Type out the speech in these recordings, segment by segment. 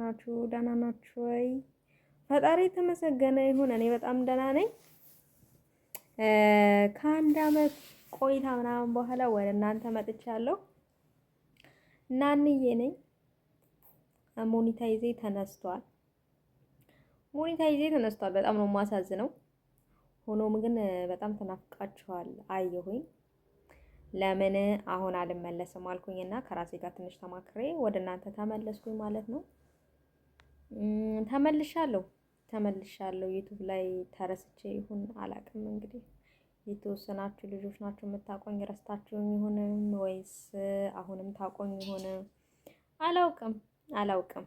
ናችሁ? ደህና ናችሁ ወይ? ፈጣሪ የተመሰገነ ይሁን። እኔ በጣም ደህና ነኝ። ከአንድ አመት ቆይታ ምናምን በኋላ ወደ እናንተ መጥቻለሁ። እናንዬ ነኝ። ሞኒታይዜ ተነስቷል። ሞኒታይዜ ተነስቷል። በጣም ነው የማሳዝነው። ሆኖም ግን በጣም ተናፍቃችኋል አየሁኝ። ለምን አሁን አልመለስም አልኩኝና ከራሴ ጋር ትንሽ ተማክሬ ወደ እናንተ ተመለስኩኝ ማለት ነው። ተመልሻለሁ ተመልሻለሁ ዩቱብ ላይ ተረስቼ ይሁን አላውቅም። እንግዲህ የተወሰናችሁ ልጆች ናችሁ የምታቆኝ ረስታችሁኝ ይሁንም ወይስ አሁንም ታቆኝ ይሁን አላውቅም አላውቅም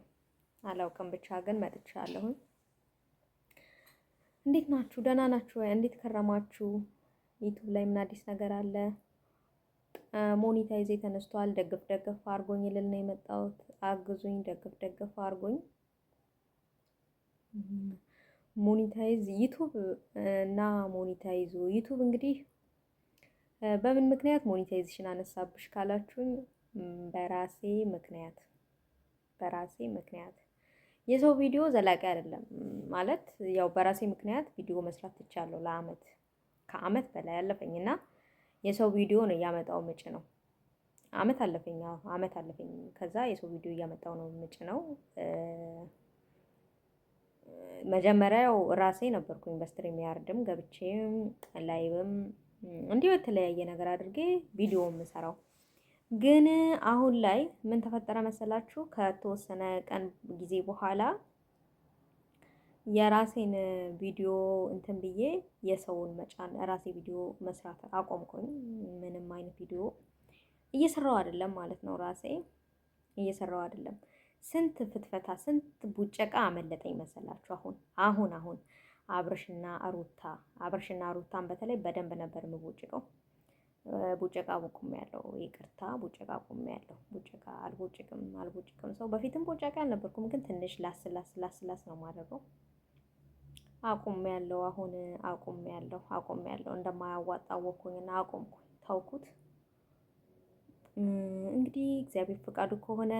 አላውቅም ብቻ ግን መጥቻለሁኝ። እንዴት ናችሁ? ደህና ናችሁ? እንዴት ከረማችሁ? ዩቱብ ላይ ምን አዲስ ነገር አለ? ሞኒታይዜ ተነስቷል። ደግፍ ደግፍ አርጎኝ ልል ነው የመጣሁት። አግዙኝ፣ ደግፍ ደግፍ አርጎኝ ሞኒታይዝ ዩቱብ እና ሞኒታይዙ ዩቱብ እንግዲህ በምን ምክንያት ሞኒታይዜሽን አነሳብሽ ካላችሁኝ፣ በራሴ ምክንያት በራሴ ምክንያት የሰው ቪዲዮ ዘላቂ አይደለም ማለት ያው በራሴ ምክንያት ቪዲዮ መስራት ትቻለሁ። ለአመት ከአመት በላይ አለፈኝ እና የሰው ቪዲዮ ነው እያመጣው ምጭ ነው። አመት አለፈኝ አመት አለፈኝ። ከዛ የሰው ቪዲዮ እያመጣው ነው ምጭ ነው። መጀመሪያው ራሴ ነበርኩ በስትሪም ያርድም ገብቼም ላይብም እንዲሁ የተለያየ ነገር አድርጌ ቪዲዮ የምሰራው። ግን አሁን ላይ ምን ተፈጠረ መሰላችሁ? ከተወሰነ ቀን ጊዜ በኋላ የራሴን ቪዲዮ እንትን ብዬ የሰውን መጫን ራሴ ቪዲዮ መስራት አቆምኩኝ። ምንም አይነት ቪዲዮ እየሰራው አይደለም ማለት ነው። ራሴ እየሰራው አይደለም ስንት ፍትፈታ ስንት ቡጨቃ አመለጠኝ መሰላችሁ። አሁን አሁን አሁን አብርሽና ሩታ አብርሽና ሩታን በተለይ በደንብ ነበር የምቦጭቀው። ቡጨቃ ቡቁም ያለው ይቅርታ፣ ቡጨቃ ቁም ያለው ቡጨቃ አልቦጭቅም አልቦጭቅም ሰው በፊትም ቡጨቃ አልነበርኩም፣ ግን ትንሽ ላስ ላስ ላስ ላስ ነው ማድረገው። አቁም ያለው አሁን አቁም ያለው አቁም ያለው እንደማያዋጣ ወኩኝና አቁምኩኝ፣ ተውኩት። እንግዲህ እግዚአብሔር ፈቃዱ ከሆነ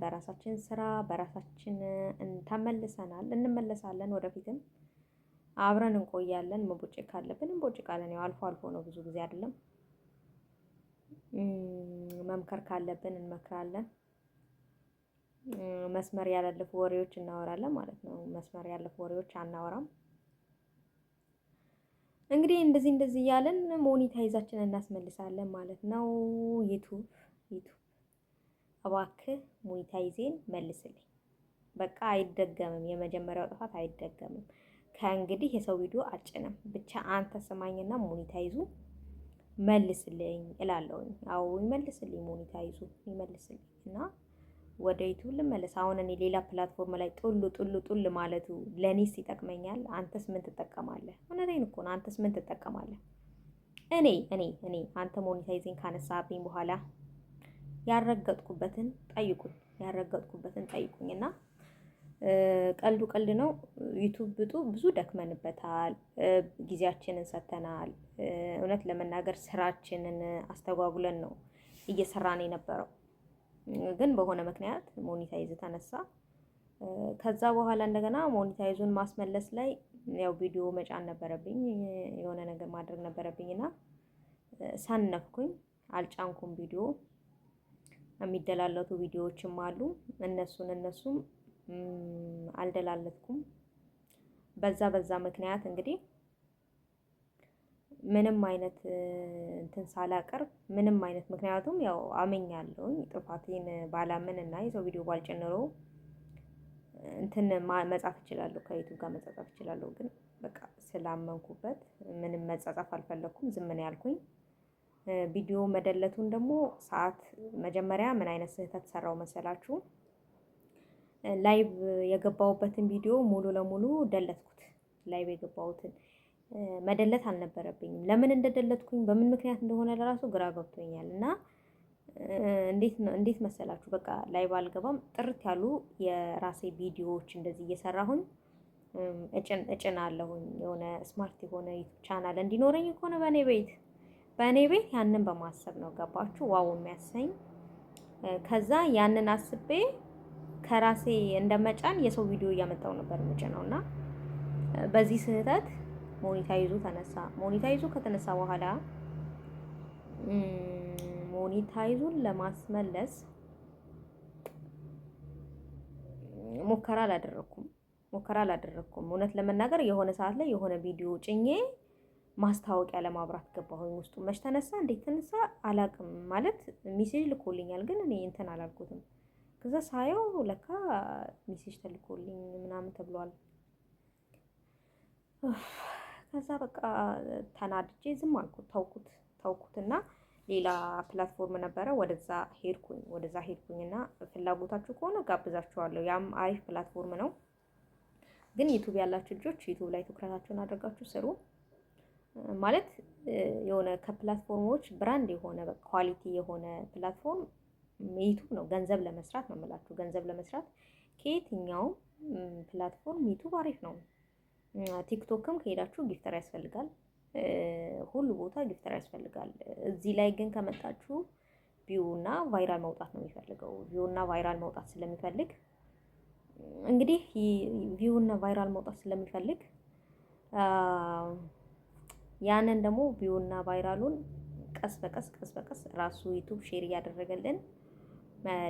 በራሳችን ስራ በራሳችን እንተመልሰናል እንመለሳለን። ወደፊትም አብረን እንቆያለን። መቦጭ ካለብን እንቦጭቃለን። ያው አልፎ አልፎ ነው፣ ብዙ ጊዜ አይደለም። መምከር ካለብን እንመክራለን። መስመር ያላለፉ ወሬዎች እናወራለን ማለት ነው። መስመር ያለፉ ወሬዎች አናወራም። እንግዲህ እንደዚህ እንደዚህ እያለን ሞኒታይዛችን እናስመልሳለን ማለት ነው። ይቱ ይቱ እባክህ ሞኒታይዜን መልስልኝ። በቃ አይደገምም፣ የመጀመሪያው ጥፋት አይደገምም። ከእንግዲህ የሰው ቪዲዮ አጭንም ብቻ አንተ ስማኝና ሞኒታይዙ መልስልኝ እላለሁኝ። አዎ ይመልስልኝ፣ ሞኒታይዙ ይመልስልኝ እና ወደ ዩቱብ ልመለስ። አሁን እኔ ሌላ ፕላትፎርም ላይ ጡል ጡል ጡል ማለቱ ለእኔስ ይጠቅመኛል? አንተስ ምን ትጠቀማለህ? እውነቴን እኮ ነው። አንተስ ምን ትጠቀማለህ? እኔ እኔ እኔ አንተ ሞኔታይዜን ካነሳብኝ በኋላ ያረገጥኩበትን ጠይቁኝ፣ ያረገጥኩበትን ጠይቁኝ። እና ቀልዱ ቀልድ ነው። ዩቱብ ብጡ ብዙ ደክመንበታል፣ ጊዜያችንን ሰጥተናል። እውነት ለመናገር ስራችንን አስተጓጉለን ነው እየሰራን የነበረው ግን በሆነ ምክንያት ሞኒታይዝ ተነሳ። ከዛ በኋላ እንደገና ሞኒታይዙን ማስመለስ ላይ ያው ቪዲዮ መጫን ነበረብኝ፣ የሆነ ነገር ማድረግ ነበረብኝ እና ሰነፍኩኝ፣ አልጫንኩም ቪዲዮ። የሚደላለቱ ቪዲዮዎችም አሉ፣ እነሱን እነሱም አልደላለትኩም። በዛ በዛ ምክንያት እንግዲህ ምንም አይነት እንትን ሳላቀርብ ምንም አይነት ምክንያቱም ያው አመኛለሁኝ ጥፋቴን ባላምን እና የሰው ቪዲዮ ባልጨንሮ እንትን መጻፍ እችላለሁ፣ ከዩቱብ ጋር መጻጻፍ እችላለሁ። ግን በቃ ስላመንኩበት ምንም መጻጻፍ አልፈለኩም፣ ዝም ነው ያልኩኝ። ቪዲዮ መደለቱን ደግሞ ሰዓት መጀመሪያ ምን አይነት ስህተት ሰራው መሰላችሁ? ላይቭ የገባሁበትን ቪዲዮ ሙሉ ለሙሉ ደለትኩት፣ ላይቭ የገባሁትን መደለት አልነበረብኝም። ለምን እንደደለትኩኝ በምን ምክንያት እንደሆነ ለራሱ ግራ ገብቶኛል። እና እንዴት መሰላችሁ በቃ ላይ ባልገባም ጥርት ያሉ የራሴ ቪዲዮዎች እንደዚህ እየሰራሁኝ እጭን አለሁኝ የሆነ ስማርት የሆነ ዩቱብ ቻናል እንዲኖረኝ ከሆነ በእኔ ቤት በእኔ ቤት ያንን በማሰብ ነው ገባችሁ? ዋው የሚያሰኝ ከዛ ያንን አስቤ ከራሴ እንደመጫን የሰው ቪዲዮ እያመጣው ነበር ምጭ ነው እና በዚህ ስህተት ሞኒታይዙ ተነሳ። ሞኒታይዙ ከተነሳ በኋላ ሞኒታይዙን ለማስመለስ ሙከራ አላደረኩም ሙከራ አላደረኩም። እውነት ለመናገር የሆነ ሰዓት ላይ የሆነ ቪዲዮ ጭኜ ማስታወቂያ ለማብራት ገባሁኝ። ውስጡ መች ተነሳ፣ እንዴት ተነሳ አላቅም። ማለት ሚሴጅ ልኮልኛል፣ ግን እኔ እንትን አላልኩትም። ከዛ ሳየው ለካ ሚሴጅ ተልኮልኝ ምናምን ተብሏል። ከዛ በቃ ተናድጄ ዝም አልኩ፣ ተውኩት ተውኩትና ሌላ ፕላትፎርም ነበረ ወደዛ ሄድኩኝ ወደዛ ሄድኩኝና ፍላጎታችሁ ከሆነ ጋብዛችኋለሁ ያም አሪፍ ፕላትፎርም ነው ግን ዩቱብ ያላችሁ ልጆች ዩቱብ ላይ ትኩረታችሁን አድርጋችሁ ስሩ ማለት የሆነ ከፕላትፎርሞች ብራንድ የሆነ ኳሊቲ የሆነ ፕላትፎርም ዩቱብ ነው ገንዘብ ለመስራት ነው የምላችሁ ገንዘብ ለመስራት ከየትኛውም ፕላትፎርም ዩቱብ አሪፍ ነው ቲክቶክም ከሄዳችሁ ጊፍተር ያስፈልጋል። ሁሉ ቦታ ጊፍተር ያስፈልጋል። እዚህ ላይ ግን ከመጣችሁ ቪውና ቫይራል መውጣት ነው የሚፈልገው። ቪውና ቫይራል መውጣት ስለሚፈልግ እንግዲህ ቪውና ቫይራል መውጣት ስለሚፈልግ ያንን ደግሞ ቪውና ቫይራሉን ቀስ በቀስ ቀስ በቀስ ራሱ ዩቱብ ሼር እያደረገልን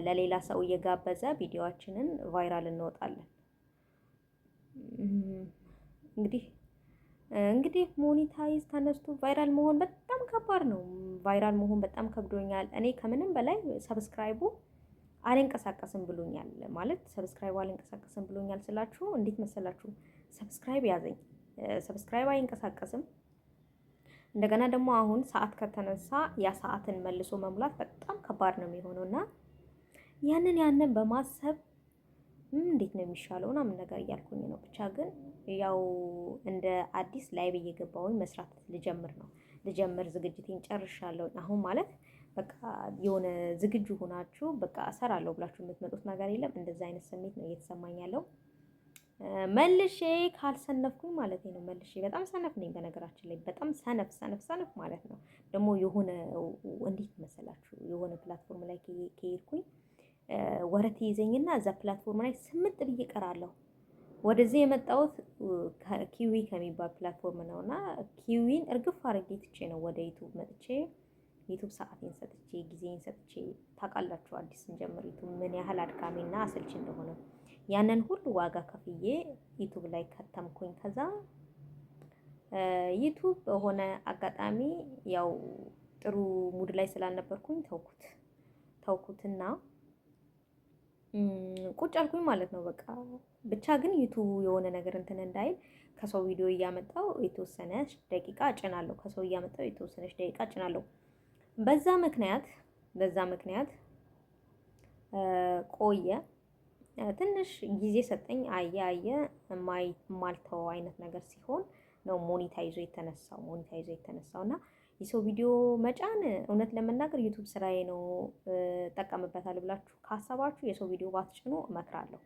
ለሌላ ሰው እየጋበዘ ቪዲዮችንን ቫይራል እንወጣለን። እንግዲህ እንግዲህ ሞኒታይዝ ተነስቶ ቫይራል መሆን በጣም ከባድ ነው። ቫይራል መሆን በጣም ከብዶኛል። እኔ ከምንም በላይ ሰብስክራይቡ አልንቀሳቀስም ብሎኛል። ማለት ሰብስክራይቡ አልንቀሳቀስም ብሎኛል ስላችሁ እንዴት መሰላችሁ? ሰብስክራይብ ያዘኝ፣ ሰብስክራይብ አይንቀሳቀስም። እንደገና ደግሞ አሁን ሰዓት ከተነሳ ያ ሰዓትን መልሶ መሙላት በጣም ከባድ ነው የሚሆነው እና ያንን ያንን በማሰብ እንዴት ነው የሚሻለው ምናምን ነገር እያልኩኝ ነው። ብቻ ግን ያው እንደ አዲስ ላይብ እየገባሁኝ መስራት ልጀምር ነው ልጀምር ዝግጅቴን ጨርሻለሁ። አሁን ማለት በቃ የሆነ ዝግጁ ሆናችሁ በቃ እሰራለሁ ብላችሁ የምትመጡት ነገር የለም። እንደዛ አይነት ስሜት ነው እየተሰማኝ ያለው። መልሼ ካልሰነፍኩኝ ማለት ነው። መልሼ በጣም ሰነፍ ነኝ በነገራችን ላይ በጣም ሰነፍ ሰነፍ ሰነፍ ማለት ነው። ደግሞ የሆነ እንዴት መሰላችሁ የሆነ ፕላትፎርም ላይ ከሄድኩኝ ወረት ይዘኝና እዛ ፕላትፎርም ላይ ስምጥ ብዬ ቀራለሁ ወደዚህ የመጣሁት ኪዊ ከሚባል ፕላትፎርም ነው እና ኪዊን እርግፍ አድርጌ ትቼ ነው ወደ ዩቱብ መጥቼ ዩቱብ ሰዓቴን ሰጥቼ ጊዜን ሰጥቼ ታውቃላችሁ፣ አዲስ ስንጀምር ዩቱብ ምን ያህል አድካሚና አሰልች እንደሆነ ያንን ሁሉ ዋጋ ከፍዬ ዩቱብ ላይ ከተምኩኝ። ከዛ ዩቱብ በሆነ አጋጣሚ ያው ጥሩ ሙድ ላይ ስላልነበርኩኝ ተውኩት ተውኩትና ቁጭ አልኩኝ ማለት ነው። በቃ ብቻ ግን ዩቱብ የሆነ ነገር እንትን እንዳይል ከሰው ቪዲዮ እያመጣው የተወሰነ ደቂቃ እጭናለሁ። ከሰው እያመጣው የተወሰነች ደቂቃ እጭናለሁ። በዛ ምክንያት በዛ ምክንያት ቆየ። ትንሽ ጊዜ ሰጠኝ። አየ አየ ማልተው አይነት ነገር ሲሆን ነው ሞኒታይዞ የተነሳው ሞኒታይዞ የተነሳው እና የሰው ቪዲዮ መጫን እውነት ለመናገር ዩቱብ ስራዬ ነው እጠቀምበታል ብላችሁ ካሰባችሁ የሰው ቪዲዮ ባትጭኑ እመክራለሁ።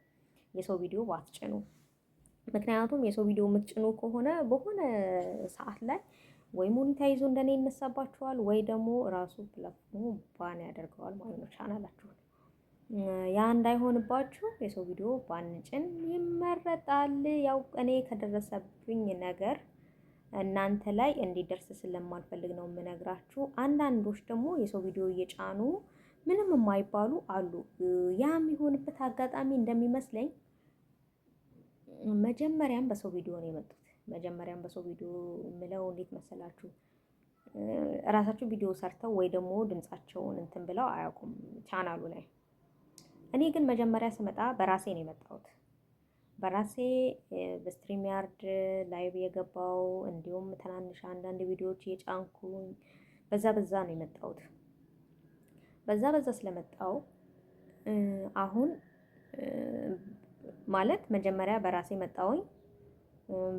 የሰው ቪዲዮ ባትጭኑ። ምክንያቱም የሰው ቪዲዮ የምትጭኑ ከሆነ በሆነ ሰዓት ላይ ወይ ሞኒታይዞ እንደኔ ይነሳባችኋል፣ ወይ ደግሞ ራሱ ፕላትፎርሙ ባን ያደርገዋል ማለት ነው ቻናላችሁን። ያ እንዳይሆንባችሁ የሰው ቪዲዮ ባንጭን ይመረጣል። ያው እኔ ከደረሰብኝ ነገር እናንተ ላይ እንዲደርስ ስለማልፈልግ ነው የምነግራችሁ። አንዳንዶች ደግሞ የሰው ቪዲዮ እየጫኑ ምንም የማይባሉ አሉ። ያ የሚሆንበት አጋጣሚ እንደሚመስለኝ መጀመሪያም በሰው ቪዲዮ ነው የመጡት። መጀመሪያም በሰው ቪዲዮ ምለው እንዴት መሰላችሁ? እራሳቸው ቪዲዮ ሰርተው ወይ ደግሞ ድምጻቸውን እንትን ብለው አያውቁም ቻናሉ ላይ። እኔ ግን መጀመሪያ ስመጣ በራሴ ነው የመጣሁት በራሴ በስትሪም ያርድ ላይቭ የገባው እንዲሁም ትናንሽ አንዳንድ ቪዲዮዎች የጫንኩኝ በዛ በዛ ነው የመጣሁት። በዛ በዛ ስለመጣው አሁን ማለት መጀመሪያ በራሴ መጣውኝ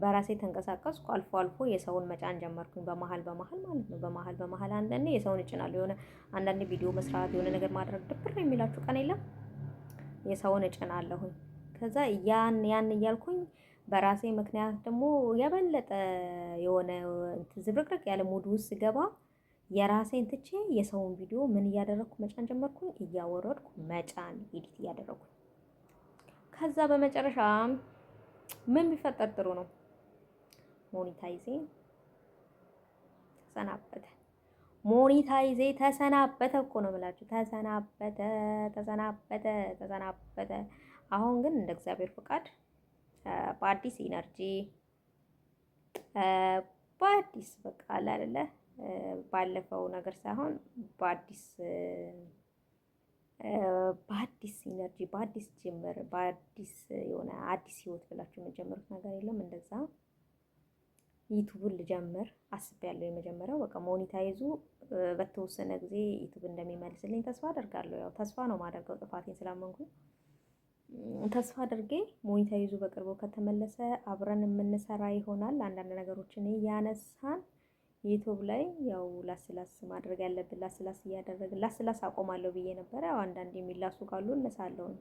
በራሴ ተንቀሳቀስኩ። አልፎ አልፎ የሰውን መጫን ጀመርኩኝ፣ በመሀል በመሀል ማለት ነው። በመሀል በመሀል አንዳንዴ የሰውን እጭናለሁ። የሆነ አንዳንዴ ቪዲዮ መስራት የሆነ ነገር ማድረግ ድብር የሚላችሁ ቀን የለም፣ የሰውን እጭናለሁኝ። ከዛ ያን ያን እያልኩኝ በራሴ ምክንያት ደግሞ የበለጠ የሆነ ዝብርቅርቅ ያለ ሙድ ውስጥ ስገባ የራሴን ትቼ የሰውን ቪዲዮ ምን እያደረግኩ መጫን ጀመርኩኝ፣ እያወረድኩ መጫን ኤዲት እያደረግኩ። ከዛ በመጨረሻ ምን ቢፈጠር ጥሩ ነው? ሞኒታይዜ ተሰናበተ። ሞኒታይዜ ተሰናበተ እኮ ነው የምላችሁ። ተሰናበተ ተሰናበተ ተሰናበተ አሁን ግን እንደ እግዚአብሔር ፈቃድ በአዲስ ኢነርጂ በአዲስ በቃ አለ አይደለ ባለፈው ነገር ሳይሆን በአዲስ በአዲስ ኢነርጂ በአዲስ ጅምር በአዲስ የሆነ አዲስ ህይወት ብላችሁ የምትጀምሩት ነገር የለም። እንደዛ ዩቱብን ልጀምር አስቤያለሁ። የመጀመሪያው በቃ ሞኒታይዙ በተወሰነ ጊዜ ዩቱብ እንደሚመልስልኝ ተስፋ አደርጋለሁ። ያው ተስፋ ነው ማደርገው ጥፋቴን ስላመንኩኝ ተስፋ አድርጌ ይዞ በቅርቡ ከተመለሰ አብረን የምንሰራ ይሆናል። አንዳንድ ነገሮችን እያነሳን ዩቱብ ላይ ያው ላስላስ ማድረግ ያለብን ላስላስ እያደረግን ላስላስ አቆማለሁ ብዬ ነበረ። ያው አንዳንድ የሚላሱ ካሉ እነሳለሁኝ።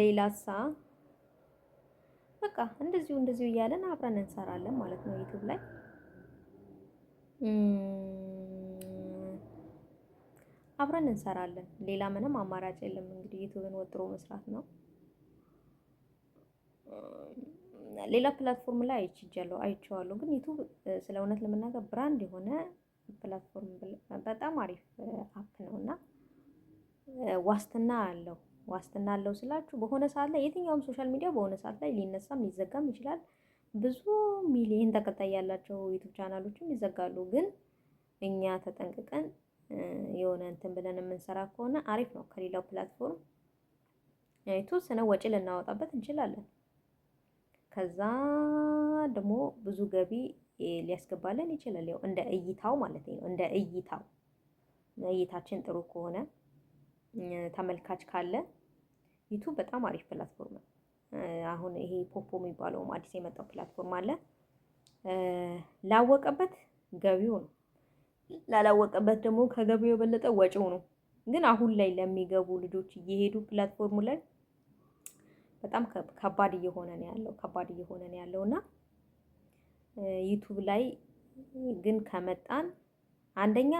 ሌላሳ በቃ እንደዚሁ እንደዚሁ እያለን አብረን እንሰራለን ማለት ነው ዩቱብ ላይ አብረን እንሰራለን። ሌላ ምንም አማራጭ የለም። እንግዲህ ዩቱብን ወጥሮ መስራት ነው። ሌላ ፕላትፎርም ላይ አይችጃለሁ አይቼዋለሁ፣ ግን ዩቱብ ስለ እውነት ለመናገር ብራንድ የሆነ ፕላትፎርም በጣም አሪፍ አፕ ነው እና ዋስትና አለው። ዋስትና አለው ስላችሁ በሆነ ሰዓት ላይ የትኛውም ሶሻል ሚዲያ በሆነ ሰዓት ላይ ሊነሳም ሊዘጋም ይችላል። ብዙ ሚሊዮን ተከታይ ያላቸው ዩቱብ ቻናሎችም ይዘጋሉ። ግን እኛ ተጠንቅቀን የሆነ እንትን ብለን የምንሰራ ከሆነ አሪፍ ነው። ከሌላው ፕላትፎርም የተወሰነ ወጪ ልናወጣበት እንችላለን። ከዛ ደግሞ ብዙ ገቢ ሊያስገባልን ይችላል። ያው እንደ እይታው ማለት ነው። እንደ እይታው እይታችን ጥሩ ከሆነ ተመልካች ካለ ዩቱብ በጣም አሪፍ ፕላትፎርም ነው። አሁን ይሄ ፖፖ የሚባለውም አዲስ የመጣው ፕላትፎርም አለ። ላወቀበት ገቢው ነው ላላወቀበት ደግሞ ከገቢው የበለጠ ወጪው ነው። ግን አሁን ላይ ለሚገቡ ልጆች እየሄዱ ፕላትፎርሙ ላይ በጣም ከባድ እየሆነ ነው ያለው ከባድ እየሆነ ነው ያለው እና ዩቱብ ላይ ግን ከመጣን አንደኛ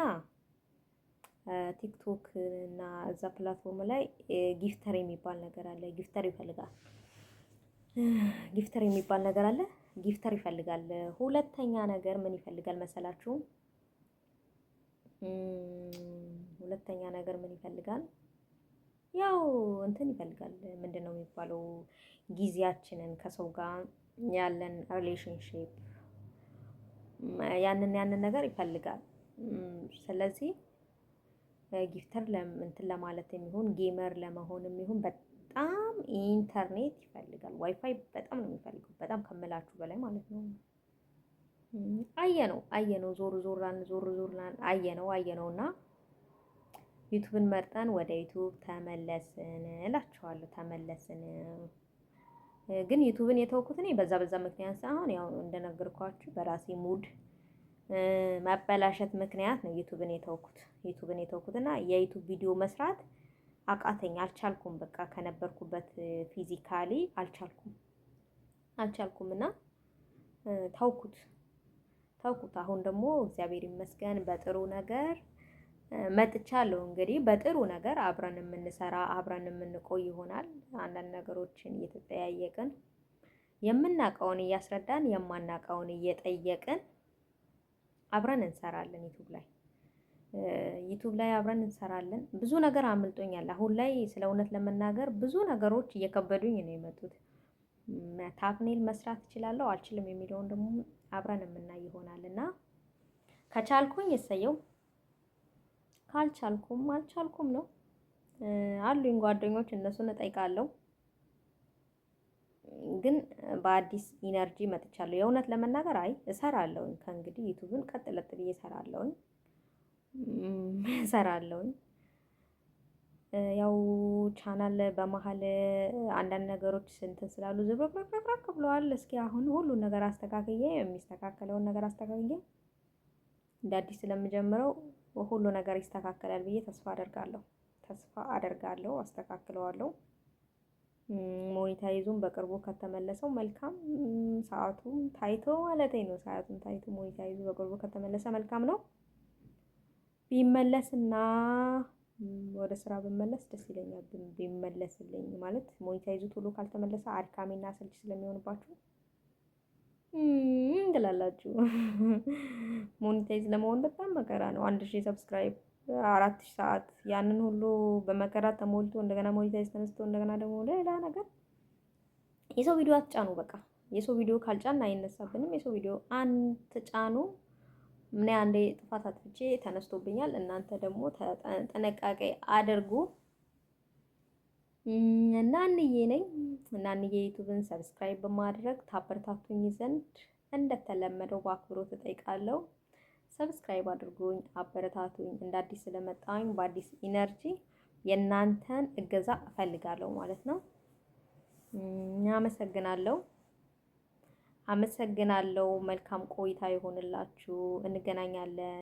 ቲክቶክ እና እዛ ፕላትፎርም ላይ ጊፍተር የሚባል ነገር አለ። ጊፍተር ይፈልጋል ጊፍተር የሚባል ነገር አለ። ጊፍተር ይፈልጋል። ሁለተኛ ነገር ምን ይፈልጋል መሰላችሁም? ሁለተኛ ነገር ምን ይፈልጋል? ያው እንትን ይፈልጋል። ምንድን ነው የሚባለው? ጊዜያችንን ከሰው ጋር ያለን ሪሌሽንሽፕ ያንን ያንን ነገር ይፈልጋል። ስለዚህ ጊፍተር እንትን ለማለት የሚሆን ጌመር ለመሆን የሚሆን በጣም ኢንተርኔት ይፈልጋል። ዋይፋይ በጣም ነው የሚፈልገው፣ በጣም ከምላችሁ በላይ ማለት ነው። አየነው አየነው ዞር ዞርላን ዞር ዞርላን አየነው አየነው እና ዩቱብን መርጠን ወደ ዩቱብ ተመለስን እላችኋለሁ። ተመለስን ግን ዩቱብን የተውኩት እኔ በዛ በዛ ምክንያት ሳይሆን ያው እንደነገርኳችሁ በራሴ ሙድ መበላሸት ምክንያት ነው ዩቱብን የተውኩት። ዩቱብን የተውኩትና የዩቱብ ቪዲዮ መስራት አቃተኝ፣ አልቻልኩም። በቃ ከነበርኩበት ፊዚካሊ አልቻልኩም አልቻልኩም እና ታውኩት። ተውኩት። አሁን ደግሞ እግዚአብሔር ይመስገን በጥሩ ነገር መጥቻለሁ። እንግዲህ በጥሩ ነገር አብረን የምንሰራ አብረን የምንቆይ ይሆናል። አንዳንድ ነገሮችን እየተጠያየቅን የምናውቀውን እያስረዳን የማናውቀውን እየጠየቅን አብረን እንሰራለን። ዩቱብ ላይ ዩቱብ ላይ አብረን እንሰራለን። ብዙ ነገር አምልጦኛል። አሁን ላይ ስለ እውነት ለመናገር ብዙ ነገሮች እየከበዱኝ ነው የመጡት። ታፕኔል መስራት እችላለሁ አልችልም የሚለውን ደግሞ አብረን የምናይ ይሆናል እና ከቻልኩኝ እሰየው፣ ካልቻልኩም አልቻልኩም ነው። አሉኝ ጓደኞች፣ እነሱን እጠይቃለሁ። ግን በአዲስ ኢነርጂ መጥቻለሁ። የእውነት ለመናገር አይ እሰራለሁኝ። ከእንግዲህ ዩቱብን ቀጥ ለጥ ብዬ እሰራለሁኝ እሰራለሁኝ። ያው ቻናል በመሀል አንዳንድ ነገሮች ስንት ስላሉ ዝብርቅርቅርቅ ብለዋል። እስኪ አሁን ሁሉን ነገር አስተካክዬ የሚስተካከለውን ነገር አስተካክዬ እንደ አዲስ ስለምጀምረው ሁሉ ነገር ይስተካከላል ብዬ ተስፋ አደርጋለሁ። ተስፋ አደርጋለሁ፣ አስተካክለዋለሁ። ሞኒታይዙም በቅርቡ ከተመለሰው መልካም፣ ሰዓቱም ታይቶ ማለት ነው። ሰዓቱም ታይቶ ሞኒታይዙ በቅርቡ ከተመለሰ መልካም ነው ቢመለስና ወደ ስራ ብመለስ ደስ ይለኛል ቢመለስልኝ ማለት ሞኒታይዙ ቶሎ ካልተመለሰ አድካሚና አሰልቺ ስለሚሆንባችሁ እንድላላችሁ ሞኒታይዝ ለመሆን በጣም መከራ ነው። አንድ ሺህ ሰብስክራይብ አራት ሺህ ሰዓት ያንን ሁሉ በመከራ ተሞልቶ እንደገና ሞኒታይዝ ተነስቶ እንደገና ደግሞ ሌላ ነገር የሰው ቪዲዮ አትጫኑ። በቃ የሰው ቪዲዮ ካልጫን አይነሳብንም። የሰው ቪዲዮ አንተ ጫኑ። ምን አንዴ ጥፋት አጥፍቼ ተነስቶብኛል። እናንተ ደግሞ ጥንቃቄ አድርጉ እና እንዬ ነኝ እና ሰብስክራይብ በማድረግ ታበረታቱኝ ዘንድ እንደተለመደው በአክብሮት እጠይቃለሁ። ሰብስክራይብ አድርጉኝ፣ አበረታቱኝ። እንደ አዲስ ስለመጣሁኝ በአዲስ ኢነርጂ የእናንተን እገዛ እፈልጋለሁ ማለት ነው። አመሰግናለሁ። አመሰግናለሁ። መልካም ቆይታ ይሆንላችሁ። እንገናኛለን።